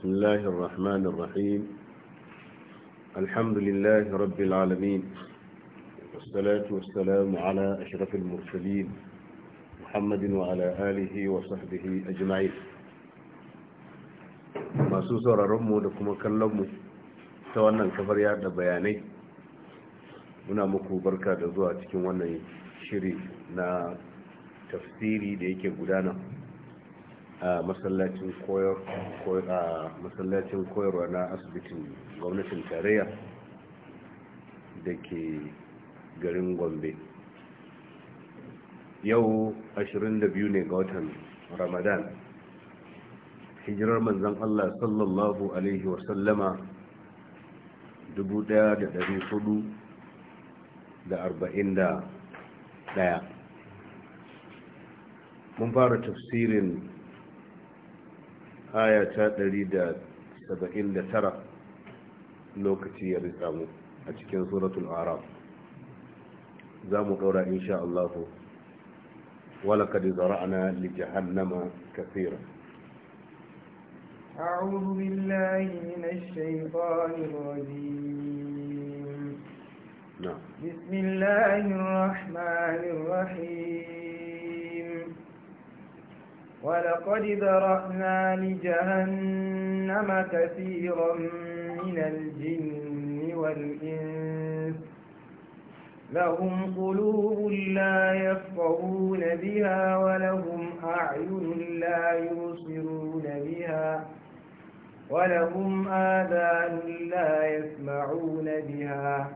بسم الله الرحمن الرحيم الحمد لله رب العالمين والصلاة والسلام على أشرف المرسلين محمد وعلى آله وصحبه أجمعين da kuma kallonmu ta wannan kafar yada bayanai muna muku barka da zuwa cikin wannan shiri na tafsiri da yake gudana a masallacin koyarwa na asibitin gwamnatin tarayya da ke garin gombe yau 22 ne ga watan ramadan hijirar manzan allah sallallahu alaihi wasallama ɗaya. mun fara tafsirin aya ta ɗari da tara lokaci ya rika mu a cikin suratul araf za mu daura insha Allah wala kad zara'na li jahannama kaseera أعوذ بالله من الشيطان الرجيم بسم الله الرحمن ولقد ذرأنا لجهنم كثيرا من الجن والإنس لهم قلوب لا يفقهون بها ولهم أعين لا يبصرون بها ولهم آذان لا يسمعون بها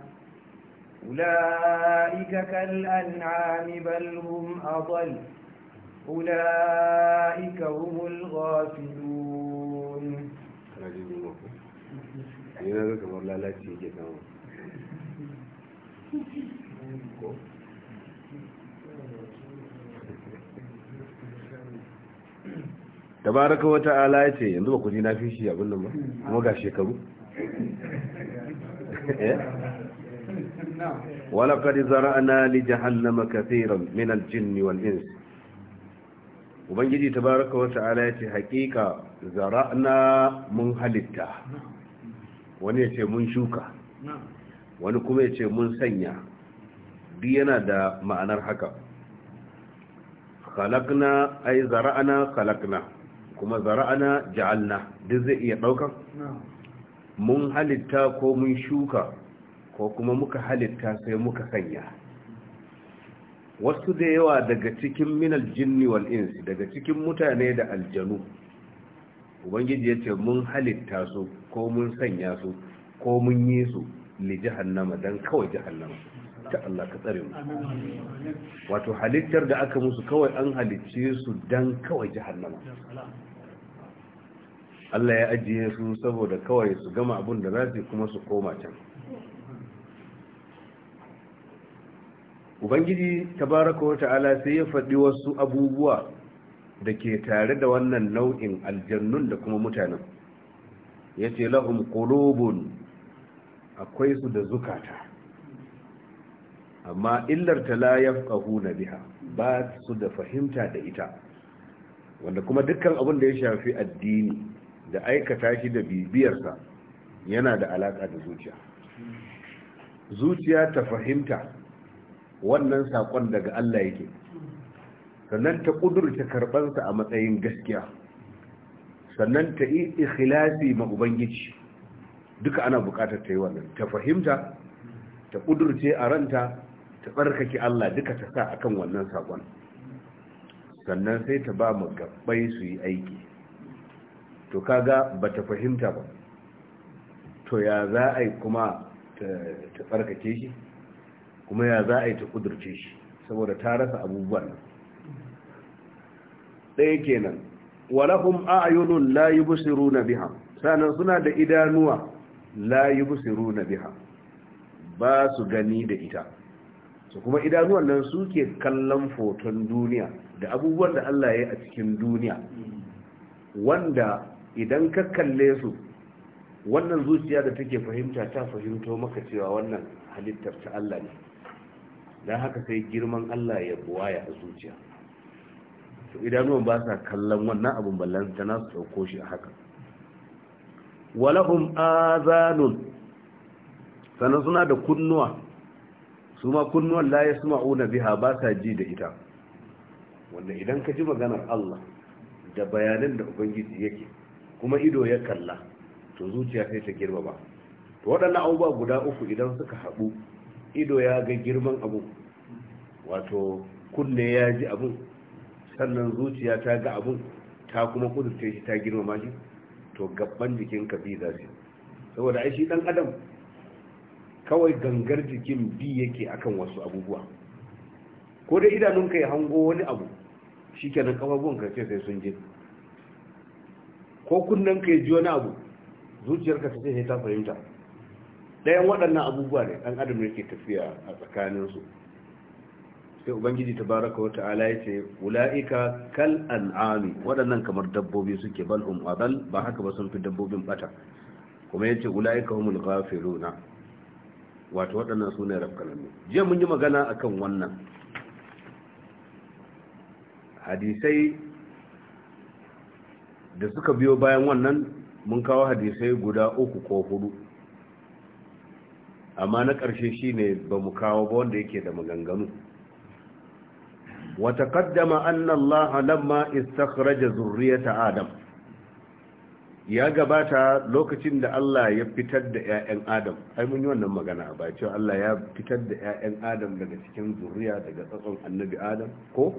أولئك كالأنعام بل هم أضل أولئك هم الغافلون tabaraka wata ala ya ce yanzu ba ku ji na fi shi abin nan ba kuma ga shekaru eh? walaƙar zara'ana li jahannama kathiran min aljinni wal insi ubangiji tabaraka wa ala ya ce haƙiƙa zara'na mun halitta wani ya ce mun shuka wani kuma ya ce mun sanya duk yana da ma'anar haka khalaqna ay zara'na khalaqna kuma zara'na ja'alna duk zai iya ɗaukan mun halitta ko mun shuka ko kuma muka halitta sai muka sanya wasu da yawa daga cikin minal jinni wal insi daga cikin mutane da aljanu ubangiji ya ce mun halitta su ko mun sanya su ko mun yi su li jahannama dan kawai jahannama ta Allah ka tsare mu wato halittar da aka musu kawai an halicce su dan kawai jahannama Allah ya ajiye su saboda kawai su gama abin da za su kuma su koma can ubangiji tabaraka wa ta'ala sai ya faɗi wasu abubuwa da ke tare da wannan nau'in aljannun da kuma mutanen ya ce lahum qulubun akwai su da zukata amma illar ta ƙahu na biha ba su da fahimta da ita wanda kuma dukkan abin da ya shafi addini da aikata shi da bibiyarsa yana da alaƙa da zuciya zuciya ta fahimta wannan sakon daga Allah yake sannan ta kudurta karbansa a matsayin gaskiya sannan ta yi ikhlasi ma ubangiji duka ana bukatar ta yi wannan ta fahimta ta kudurce a ranta ta tsarkake Allah duka ta sa akan wannan sakon sannan sai ta ba mu gabbai su yi aiki to kaga ba ta fahimta ba to ya za a yi kuma ta tsarkake shi kuma ya za a yi ta kudurce shi saboda ta rasa abubuwan ɗaya kenan walahum a'yunun la na biha sanan suna da idanuwa la na biha ba su gani da ita su kuma idanuwan nan suke kallon foton duniya da abubuwan da Allah ya yi a cikin duniya wanda idan ka kalle su wannan zuciya da take fahimta ta fahimto maka cewa wannan halittar ta Allah ne don haka sai girman Allah ya buwaya a zuciya to idanuwan ba sa kallon wannan abun ballan ta nasu ɗauko shi a haka walahum azanun sannan suna da kunnuwa su ma kunnuwan la yasma'una biha ba sa ji da ita wanda idan ka ji maganar Allah da bayanan da ubangiji yake kuma ido ya kalla to zuciya sai ta girma ba to waɗannan abubuwa guda uku idan suka haɗu ido ya ga girman abu wato kunne ya ji abun sannan zuciya ta ga abun ta kuma kudurce shi ta girmama shi to gaban jikin ka bi za su saboda ai shi dan adam kawai gangar jikin bi yake akan wasu abubuwa ko da idanunka ya hango wani abu shi nan kafafuwan ka ce sai sun je ko kunnen ka ya ji wani abu zuciyarka ta ce sai ta fahimta dayan waɗannan abubuwa ne ɗan adam yake tafiya a tsakaninsu sai ubangiji ta wa ta'ala ya ce wulaika kal al'ami waɗannan kamar dabbobi suke bal hum ba haka ba sun fi dabbobin bata kuma ya yace ula'ika humul ghafiluna wato waɗannan su ne rafkanannu jiya mun yi magana a kan wannan hadisai da suka biyo bayan wannan mun kawo hadisai guda uku ko hudu amma na ƙarshe shi ne ba mu kawo ba wanda yake da maganganu وتقدم أن الله لما استخرج ذرية adam ya gabata lokacin da Allah ya fitar da 'ya'yan Adam ai mun yi wannan magana ba cewa Allah ya fitar da 'ya'yan Adam daga cikin zurriya daga tsatson annabi Adam ko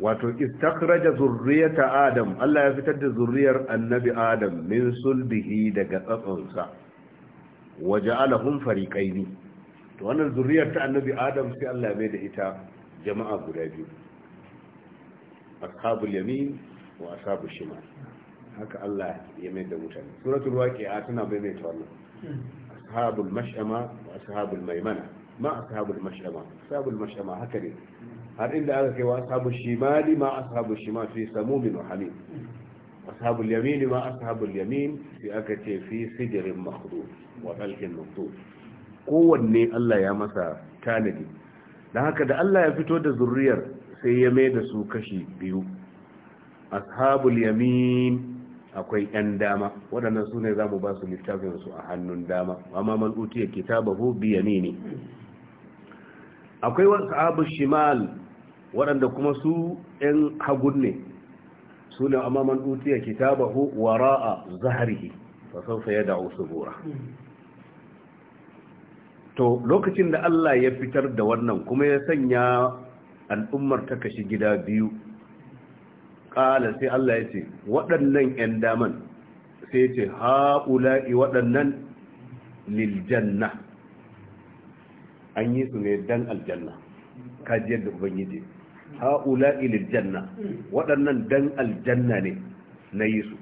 wato istakhraja zurriyata Adam Allah ya fitar da zurriyar annabi Adam min sulbihi daga tsatsonsa Waje waja'alahum fariqaini to wannan zuriyar ta annabi adam sai Allah ya mai da ita jama'a guda biyu ashabul yamin wa ashabul shima, haka Allah ya mai da mutane suratul waqi'a tana maimaita a sabul mash'ama wa sabul maimana ma a sabul mash'ama sabul mash'ama haka ne har inda aka kai wa ashabul shimali ma a ashabul shima fi samumin wa hamim ashabul ma ashabul yamin sai aka ce fi sidirin makhdud wa dalkin makhdud kowanne Allah ya masa tanadi Da haka da Allah ya fito da zurriyar sai ya mai da su kashi biyu ashabul yamin akwai yan dama waɗannan su ne za mu ba su littafin a hannun dama amma man utiya kitabahu bi yamini akwai wasu ashabul shimal waɗanda kuma su yan hagun ne Suna amma man utiya kitabahu wara'a zahrihi fa sawfa yad'u subura to lokacin da Allah ya fitar da wannan kuma ya sanya al'ummar ta kashi gida biyu ƙala sai Allah ya ce waɗannan ‘yan daman sai ya ce haulai waɗannan liljanna an yi su ne dan aljanna kajiyar da ubangiji ha'ula'i lil janna waɗannan dan aljanna ne na yi su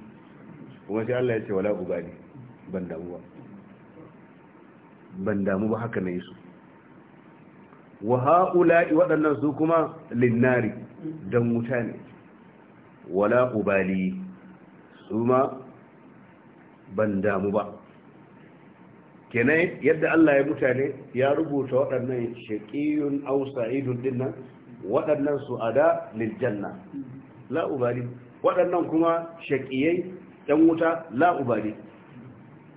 kuma shi Allah ya ce wala ubali ban damu ba ban damu ba haka na yi su wa ha'ula'i waɗannan su kuma linnari dan wuta ne wala ubali su ma ban damu ba kenan yadda Allah ya mutane ya rubuta waɗannan shaƙiyun au sa'idun dinnan waɗannan su ada da liljanna. la waɗannan kuma shaƙiyai ɗan wuta la ubali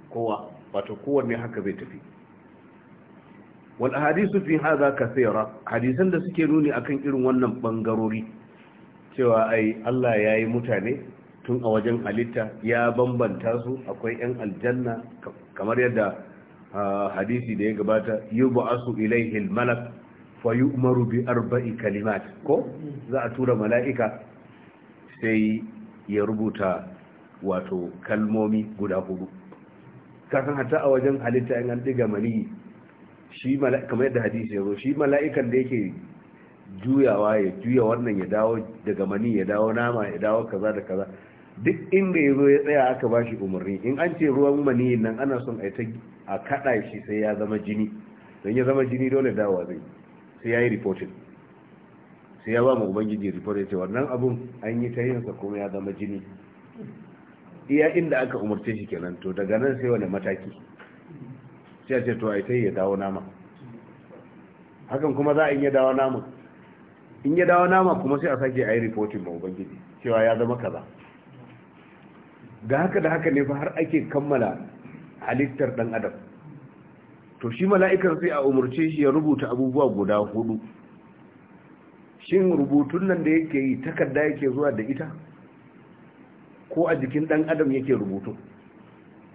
kowa wato kowanne haka bai tafi wal hadisu fi hadha kathira hadisan da suke nuni akan irin wannan ɓangarori. cewa ai Allah yayi mutane tun a wajen halitta ya bambanta su akwai yan aljanna kamar yadda ah, hadisi da ya gabata yubu asu ilaihi malak fayu umaru bi arba'i kalimat ko za a tura mala'ika sai ya rubuta wato kalmomi guda hudu kasan hata a wajen halitta in an diga mani shi kamar yadda hadisi ya zo shi mala'ikan da yake juyawa ya juya wannan ya dawo daga mani ya dawo nama ya dawo kaza da kaza duk inda ya zo ya tsaya aka ba shi umarni in an ce ruwan mani nan ana son a ta a kada shi sai ya zama jini don ya zama jini dole dawa zai sai ya yi reporting sai ya ba mu ubangiji reporting ya nan wannan abun an yi ta yinsa kuma ya zama jini iya inda aka umarce shi kenan to daga nan sai wani mataki sai a ce to ai sai ya dawo nama hakan kuma za a iya dawo nama in ya dawo nama kuma sai a sake a yi reporting ma ubangiji cewa ya zama kaza ga haka da haka ne fa har ake kammala halittar dan adam to shi mala'ikan sai a umarce shi ya rubuta abubuwa guda hudu shin rubutun nan da yake yi takarda yake zuwa da ita ko a jikin dan adam yake rubutu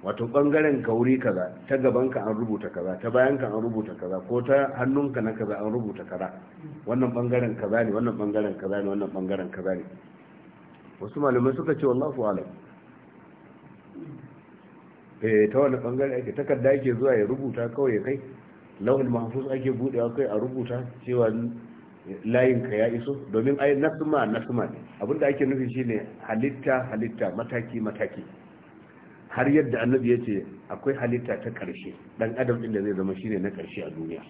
wato bangaren kauri kaza ta gabanka an rubuta kaza ta bayanka an rubuta kaza ko ta hannunka na kaza an rubuta kaza wannan bangaren kaza ne wannan bangaren kaza ne wannan bangaren kaza ne wasu malamai suka ce wallahu alam eh ta wani bangare ake takarda ake zuwa ya rubuta kawai ya kai launin mahafus ake buɗewa kai a rubuta cewa layin ka ya iso domin ai nasma nasma ne abinda ake nufi shine halitta halitta mataki mataki har yadda annabi ya ce akwai halitta ta karshe dan adam din da zai zama shine na karshe a duniya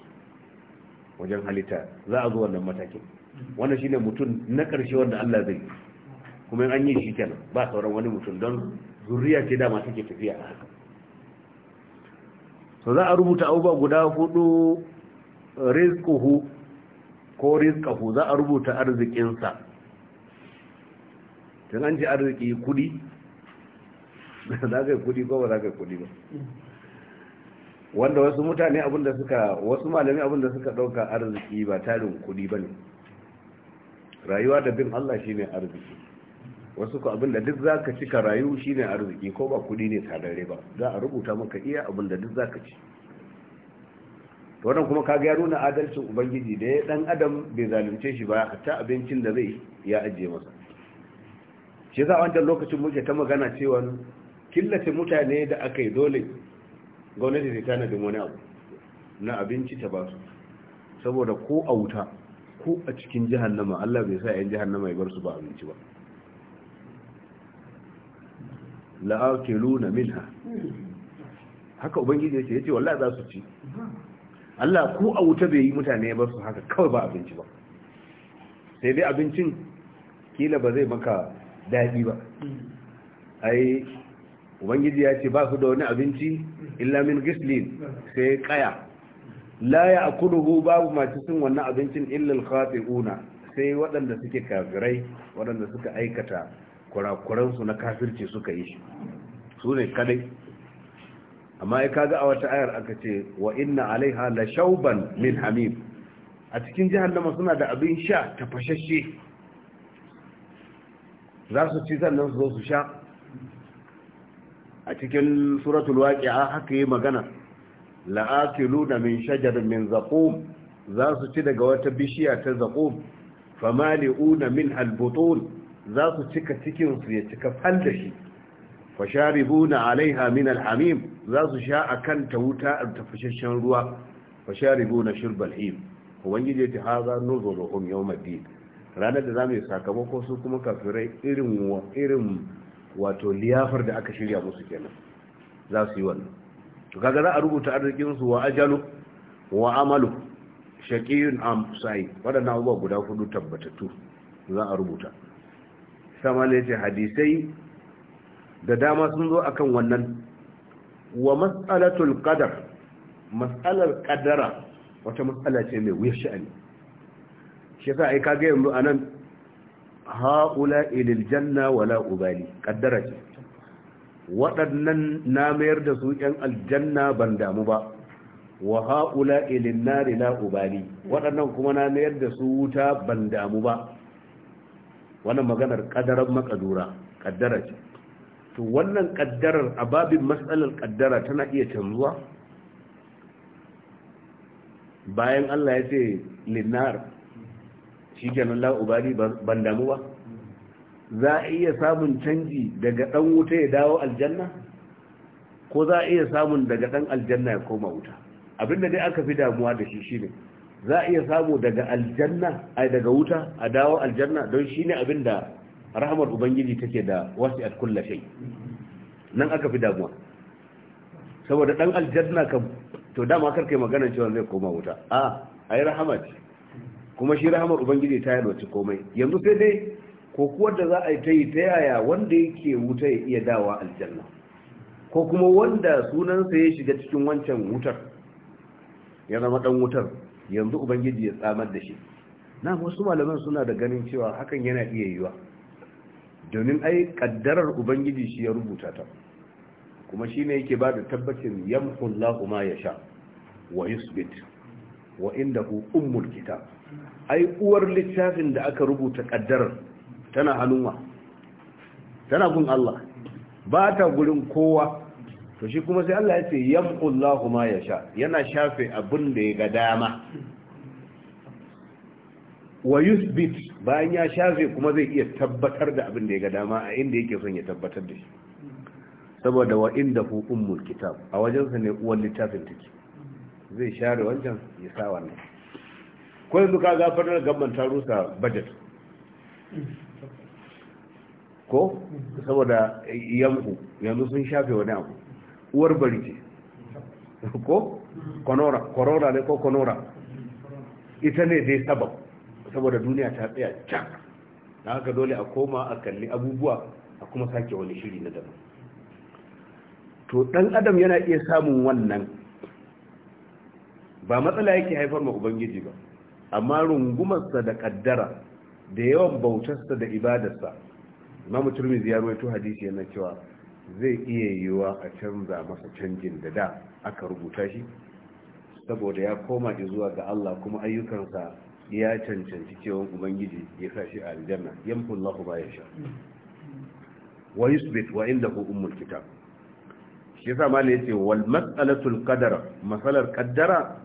wajen halitta za a zo wannan matakin wannan shine mutum na karshe wanda Allah zai kuma an yi shi kenan ba sauran wani mutum don zuriya ce dama take tafiya a haka to za a rubuta abubuwa guda hudu rizkuhu ko rizkahu za a rubuta arzikinsa tun an ji arziki kudi za ka yi kudi ko ba za ka yi kudi ba wanda wasu mutane abinda suka wasu malami abinda suka dauka arziki ba tarin kudi ba ne rayuwa da bin Allah shine arziki wasu ko abinda duk zaka ci ka rayu shine arziki ko ba kudi ne tarare ba za a rubuta maka iya abinda duk zaka ci to wannan kuma kaga ya nuna adalcin ubangiji da ya dan adam bai zalunce shi ba hatta abincin da zai ya ajiye masa shi za a wancan lokacin muke ta magana cewa killace mutane da aka yi dole gwamnati ta tanadin wani abu na abinci ta ba su saboda ko a wuta ko a cikin jihannama Allah bai sa 'yan jihannama ya bar su ba abinci ba la'akiluna minha haka ubangiji ya ce ya ce wallahi za su ci Allah ko a wuta bai yi mutane ba su haka kawai ba abinci ba sai dai abincin kila ba zai maka daɗi ba ai ubangiji ya ce ba su da wani abinci illa min gislin sai kaya la ya akuluhu babu masu sun wannan abincin al khati'una sai waɗanda suke kafirai waɗanda suka aikata kurakuransu na kafirci suka yi shi su ne kadai amma ya kaga a wata ayar aka ce wa inna alaiha la shauban min hamim a cikin jahannama suna da abin sha tafashashe za su ci sannan su zo su sha a cikin suratul waqi'a haka yi magana la'akiluna min shajar min zaqum za su ci daga wata bishiya ta zaqum famali'una min albutun za su cika cikinsu ya cika fal da shi sharibuna alaiha min alhamim za su sha akan ta wuta ta fashashen ruwa Fa fasharibuna shurbal him ubangiji ta haza nuzuruhum yawmiddin ranar da zamu yi sakamako su kuma kafirai irin irin wato liyafar da aka shirya musu kenan za su yi wannan to kaga za a rubuta arzikin su wa ajalu wa amalu shaqiyun am sa'id wadannan abubuwa guda hudu tabbatattu za a rubuta ya ce hadisai da dama sun zo akan wannan wa mas'alatul qadar mas'alar qadara wata mas'ala ce mai wuyar sha'ani shi ka ai ga yanzu anan haula ilil janna wala ubali qaddara ce waɗannan na mayar da su ƴan aljanna ban damu ba wa haula ilin nari la ubali waɗannan kuma na mayar da su wuta ban damu ba wannan maganar kadarar makadura kaddara ce to wannan kaddarar a babin matsalar kaddara tana iya canzuwa bayan Allah ya ce linnar shi kenan la'ubari ban damu ba za a iya samun canji daga ɗan wuta ya dawo aljanna ko za a iya samun daga ɗan aljanna ya koma wuta abinda dai aka fi damuwa da shi shine za a iya samu daga aljanna a daga wuta a dawo aljanna don shi ne abin da rahamar ubangiji take da wasu kullu kullafai, nan aka fi damuwa saboda dan aljanna kam to dama kar kai magana cewa zai koma wuta a ai rahama ce kuma shi rahamar ubangiji ta yalwace komai yanzu sai dai ko kuwa da za a yi ta yi ta yaya wanda yake wuta ya iya dawa aljanna ko kuma wanda sunansa ya shiga cikin wancan wutar ya zama dan wutar yanzu ubangiji ya tsamar da shi na wasu malaman suna da ganin cewa hakan yana iya yiwa domin ai kaddarar ubangiji shi ya rubuta ta kuma shi ne yake ba da tabbacin yamhullahu ma ya sha wa yusbit wa indahu ummul kitab ai uwar littafin da aka rubuta kaddarar tana hannunwa tana gun Allah ba ta gurin kowa to shi kuma sai Allah ya ce yamqullahu ma yasha yana shafe abin da ya ga dama wa yuthbit bayan ya shafe kuma zai iya tabbatar da abin da ya ga dama a inda yake son ya tabbatar da shi saboda wa inda hu ummul kitab a wajen sa ne uwan littafin take zai share wancan ya sa wannan ko yanzu ka gafarar gaban tarusa rusa budget ko saboda yanku yanzu sun shafe wani abu uwar bari ce ko konora korona ne ko konora ita ne dai sabab saboda duniya ta tsaya can da haka dole a koma a kalli abubuwa a kuma sake wani shiri na daban to dan adam yana iya samun wannan ba matsala yake haifar ma ubangiji ba amma rungumarsa da kaddara da yawan bautarsa da ibadarsa imamu turmizi ya hadisi yana cewa zai iya yiwuwa a canza masa canjin da da aka rubuta shi saboda ya koma zuwa ga Allah kuma ayyukansa ya cancanci cewa ubangiji ya sa shi a aljanna yamhu Allahu ba yasha wa yusbit wa indahu ummul kitab shi yasa malai yace wal mas'alatul qadar masalar qaddara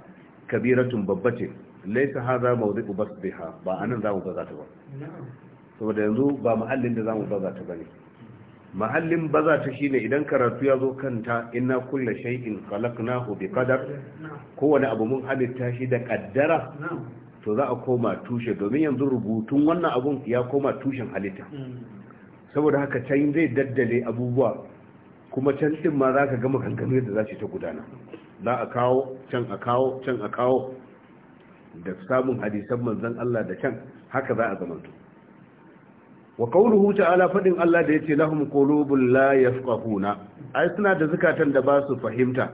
kabiratun babbace laysa hadha mawdi'u basbiha ba anan zamu baza ta ba saboda yanzu ba muhallin da zamu baza ta bane mahallin baza ta shine idan karatu ya zo kanta inna kulla shay'in khalaqnahu bi kadar kowane abu mun halitta shi da kaddara to za a koma tushe domin yanzu rubutun wannan abun ya koma tushen halitta saboda haka can zai daddale abubuwa kuma can din ma zaka gama kankanu da za ta gudana za a kawo can a kawo can a kawo da samun hadisan manzon Allah da can haka za a zamanto wa qawluhu ta'ala fadin Allah da yace lahum qulubul la yafqahuna ai suna da zakatan da ba su fahimta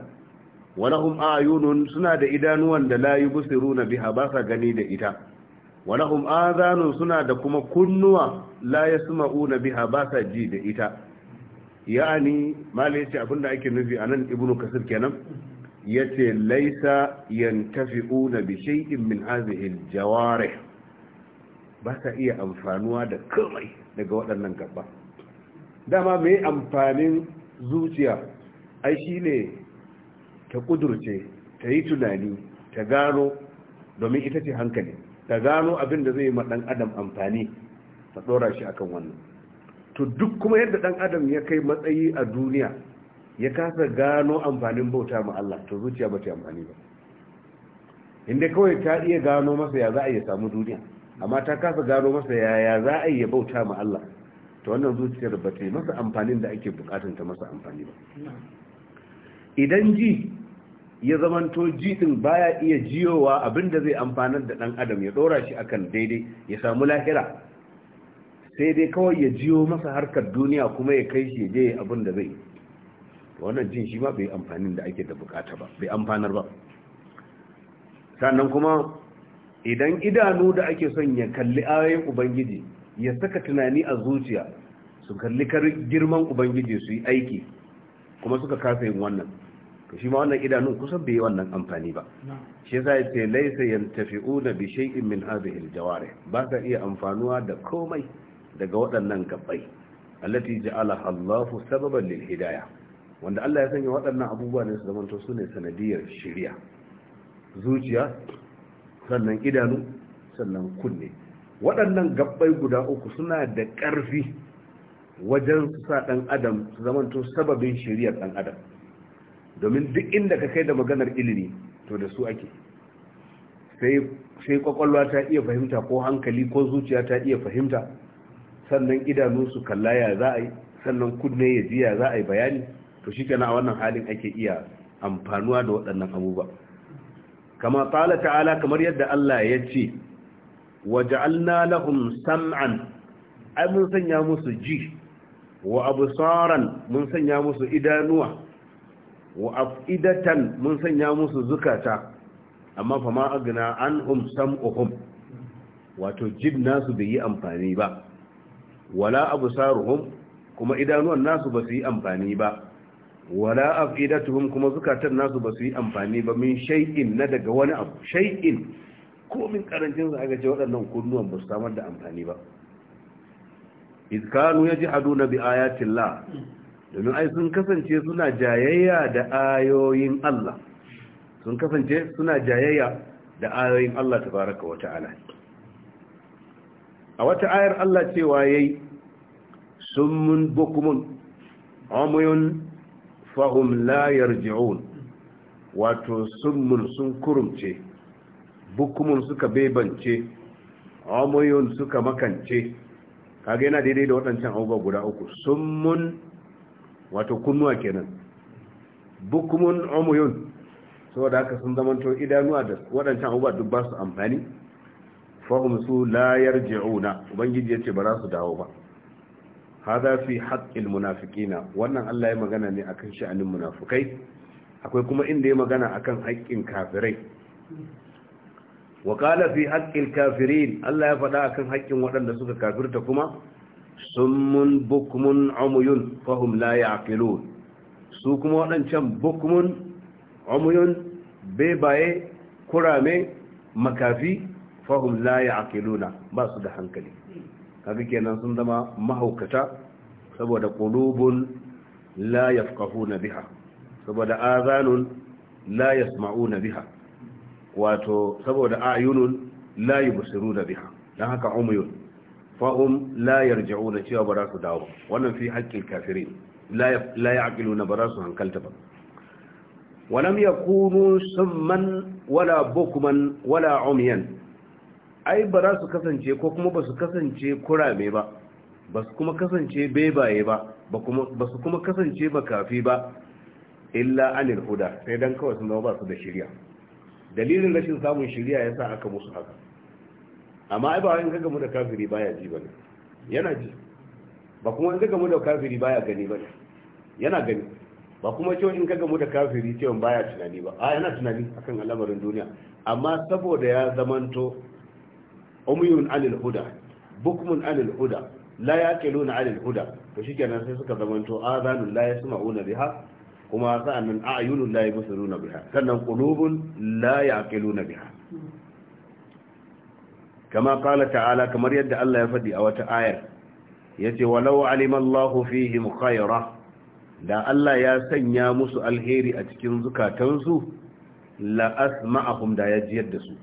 wa lahum ayunun suna da idanuwan da la yubsiruna biha ba sa gani da ita wa lahum adhanun suna da kuma kunnuwa la yasma'una biha ba sa ji da ita ya'ani malai yace abinda ake nufi anan ibnu kasir kenan yace laisa yantafi'una bi shay'in min hadhihi al-jawarih ba sa iya amfanuwa da komai daga waɗannan gaba dama mai amfanin zuciya ai shi ne ta ƙudurce ta yi tunani ta gano domin ita ce hankali ta gano abin da zai yi ɗan adam amfani ta ɗora shi akan wannan to duk kuma yadda ɗan adam ya kai matsayi a duniya ya kasa gano amfanin bauta ma Allah to zuciya ba ta amfani ba inda kawai ta iya gano masa ya za a yi samu duniya amma ta kasa gano masa yaya za a yi ya bauta ma Allah ta wannan zuciyar ba ta yi masa amfanin da ake bukatun ta masa amfani ba idan ji ya zamanto ji din baya iya jiyowa abinda zai amfanar da ɗan adam ya dora shi akan daidai ya samu lahira sai dai kawai ya jiyo masa harkar duniya kuma ya kai shi je abin da zai wannan jin shi ma bai amfanin da ake da bukata ba bai amfanar ba sannan kuma idan idanu da ake son ya kalli ayoyin ubangiji ya saka tunani a zuciya su kalli girman ubangiji su yi aiki kuma suka kasa yin wannan to shi ma wannan idanun kusan bai yi wannan amfani ba shi yasa ya ce laisa yantafi'una bi shay'in min hadhihi al ba ka iya amfanuwa da komai daga waɗannan gabbai allati ja'ala Allahu sababan lil hidayah wanda Allah ya sanya waɗannan abubuwa ne su zamanto su ne sanadiyar shiriya zuciya sannan idanu sannan kunne waɗannan gabbai guda uku suna da ƙarfi wajen sa ɗan adam su zamanto sababin shiriyar ɗan adam domin duk inda ka kai da maganar ilimi to da su ake sai kwakwalwa ta iya fahimta ko hankali ko zuciya ta iya fahimta sannan idanu su kalla ya za a yi sannan kunne ya ji ya za a yi bayani to shi a wannan halin ake iya amfanuwa da waɗannan abubuwa kama qala ta'ala kamar yadda Allah ya ce waja'alna lahum sam'an ai mun sanya musu ji wa absaran mun sanya musu idanuwa wa afidatan mun sanya musu zukata amma fa ma agna anhum sam'uhum wato jin nasu bai yi amfani ba wala absaruhum kuma idanuwan nasu ba su yi amfani ba wala aqidatuhum kuma zukatan nasu ba su yi amfani ba min shay'in na daga wani abu shay'in ko min karancin su aka ce waɗannan kunnuwan ba su samar da amfani ba iz kanu yaj'aluna bi llah domin ai sun kasance suna jayayya da ayoyin Allah sun kasance suna jayayya da ayoyin Allah tabaaraka wa ta'ala a wata ayar Allah cewa yayi summun bukumun umyun fahum la yarji'un wato summun sun kurumce bukumun suka bebance amoyun suka makance kaga yana daidai da waɗancan abubuwa guda uku summun wato kunnuwa kenan bukumun amoyun saboda haka sun zamanto idanuwa da waɗancan abubuwa duk ba su amfani fahim su la yarji'una ubangiji yace ba za su dawo ba hada fi haqqil munafiqina wannan Allah ya magana ne akan sha'anin munafukai akwai kuma inda ya magana akan haƙƙin kafirai wa qala fi haqqil kafirin Allah ya faɗa akan haƙƙin waɗanda suka kafirta kuma summun bukmun umyun fahum la ya'qilun su kuma waɗancan bukmun umyun bebaye kurame makafi fahum la ya'qiluna ba su da hankali kaga kenan sun zama mahaukata saboda qulubun la yafqahuna biha saboda azanun la yasma'una biha wato saboda ayunun la yubsiruna biha dan haka umyun fa'um la yarji'una cewa ba za su dawo wannan fi haƙƙin kafirin la ya'qiluna ba za su hankalta ba walam yakunu summan wala bukman wala umyan ai ba za su kasance ko kuma ba su kasance kurame ba ba su kuma kasance bebaye ba ba su kuma kasance bakafi ba illa anil huda sai dan kawai sun zama ba su da shirya dalilin rashin samun shirya ya sa aka musu haka amma ai ba wani mu da kafiri baya ji ba ne yana ji ba kuma in mu da kafiri baya gani ba ne yana gani ba kuma cewa in mu da kafiri cewa baya tunani ba a yana tunani akan al'amarin duniya amma saboda ya zamanto umyun alil huda bukmun alil huda la yaqiluna alil huda to shikenan sai suka zamanto azanun la yasma'una biha kuma sa'annan a'yunun la yabsiruna biha sannan qulubun la yaqiluna biha kama qala ta'ala kamar yadda Allah ya faɗi a wata ayar yace walau alima Allahu fihim khayra da Allah ya sanya musu alheri a cikin zukatansu la asma'ahum da ya jiyar da su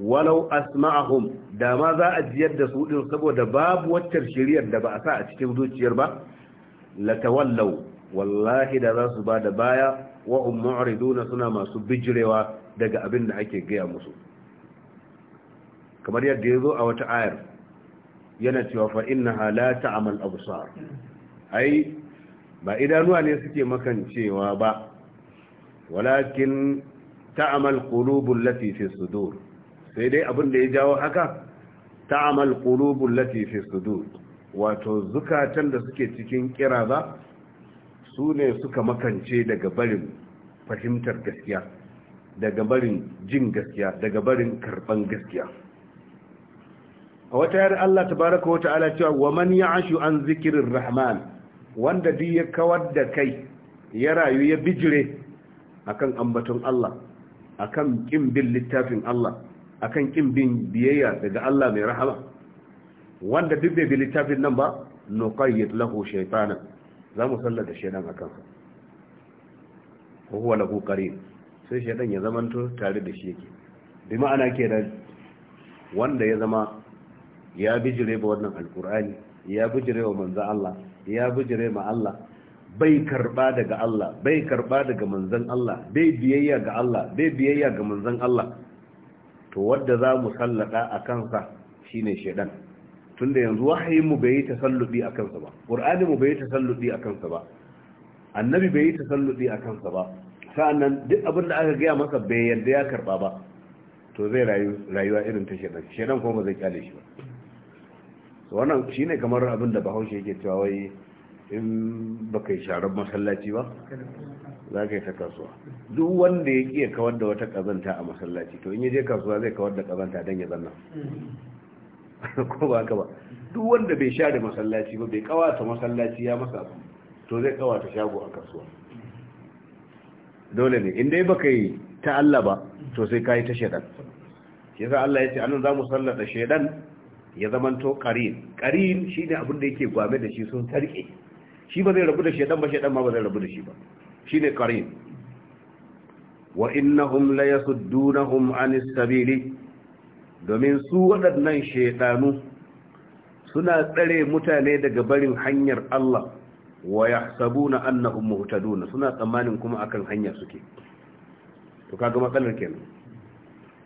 walau asma'ahum da ma za a jiyar da su din saboda babu waccar shiriyar da ba a sa a cikin zuciyar ba latawallau wallahi da za su ba da baya wa mu'riduna suna masu bijirewa daga abin da ake gaya musu kamar yadda ya zo a wata ayar yana cewa fa innaha la ta'mal absar ai ba idanuwa ne suke makancewa ba walakin ta'mal qulubul lati fi sudur sai dai abin da ya jawo haka ta amal lati fi sudur wato zukatan da suke cikin kiraza su ne suka makance daga barin fahimtar gaskiya daga barin jin gaskiya daga barin karban gaskiya a wata yar Allah wa ta'ala cewa wa man ya'ashu an zikirin rahman wanda duk ya kawar da kai ya rayu ya bijire akan ambaton Allah akan kin bin littafin Allah akan kin bin biyayya daga Allah mai rahama wanda duk bai bi littafin nan ba nuqayyid lahu shaytana za mu sallata shaytan akan sa ko huwa lahu qarin sai shaytan ya zamanto tare da shi yake bi ma'ana da wanda ya zama ya bijire ba wannan alqur'ani ya bijire wa manzo Allah ya bijire ma Allah bai karba daga Allah bai karba daga manzon Allah bai biyayya ga Allah bai biyayya ga manzon Allah to wadda za mu sallaka a kansa shine tun tunda yanzu wahayin mu bai yi tasallubi a kansa ba qur'ani mu bai yi tasallubi a kansa ba annabi bai yi tasalluɗi a kansa ba sa'annan duk abin da aka gaya masa bai yadda ya karba ba to zai rayuwa irin ta shaidan. Shaidan kuma ba zai kyale shi ba wannan shi ne kamar abin da bahaushe yake cewa wai in baka yi sharar masallaci ba za ka yi ta kasuwa duk wanda ya iya kawar da wata kazanta a masallaci to in ya je kasuwa zai kawar da kazanta don ya zanna ko ba ka ba duk wanda bai share masallaci ba bai kawata masallaci ya masa to zai kawata shago a kasuwa dole ne in dai baka yi ta Allah ba to sai ka yi ta shaidan shi yasa Allah ya ce anan za mu sallata shaidan ya zamanto karin karin shine abin da yake gwame da shi sun tarke shi ba zai rabu da shedan ba shedan ma ba zai rabu da shi ba Shi ne karin wa innahum la yasuddunahum anis sabili domin su waɗannan shedanu suna tsare mutane daga barin hanyar Allah wa yahsabuna annahum muhtaduna suna tsammanin kuma akan hanya suke to kaga matsalar kenan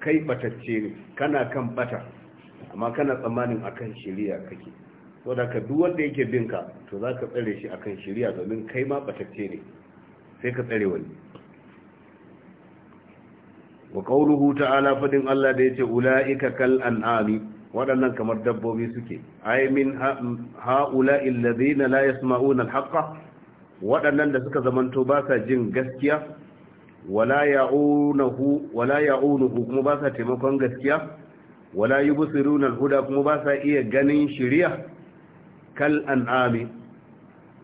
kai batacce kana kan bata amma kana tsammanin akan shiriya kake sau duk wanda yake bin ka to za ka tsare shi akan shirya domin kai ma batacce ne sai ka tsare wani wa kauluhu ta'ala fadin Allah da yace ulaika kal an'ami waɗannan kamar dabbobi suke ay min ha'ula alladhina la yasma'una al wadannan waɗannan da suka zamanto ba sa jin gaskiya wala ya'unuhu wala ya'unuhu kuma ba sa taimakon gaskiya wala yubsiruna alhuda huda kuma ba sa iya ganin shiriya kal an'ami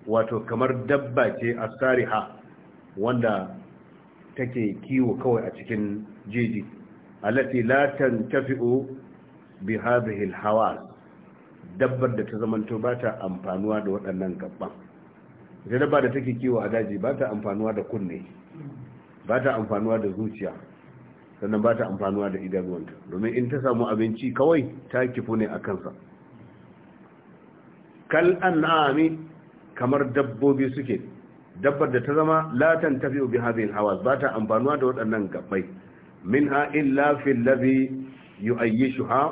wato kamar dabba ce a asariha wanda take kiwo kawai a cikin jeji alati la tafi'u bi hadhihi alhawas dabbar da ta zamanto ba ta amfanuwa da waɗannan gaban ita dabba da take kiwo a daji ba ta amfanuwa da kunne ba ta amfanuwa da zuciya sannan ba ta amfanuwa da idanuwanta domin in ta samu abinci kawai ta kifu ne a kansa kal an'ami kamar dabbobi suke dabbar da ta zama latan tantafi'u bi hadhihi al-hawas ba ta amfanuwa da waɗannan gabbai minha illa fil ladhi yu'ayyishuha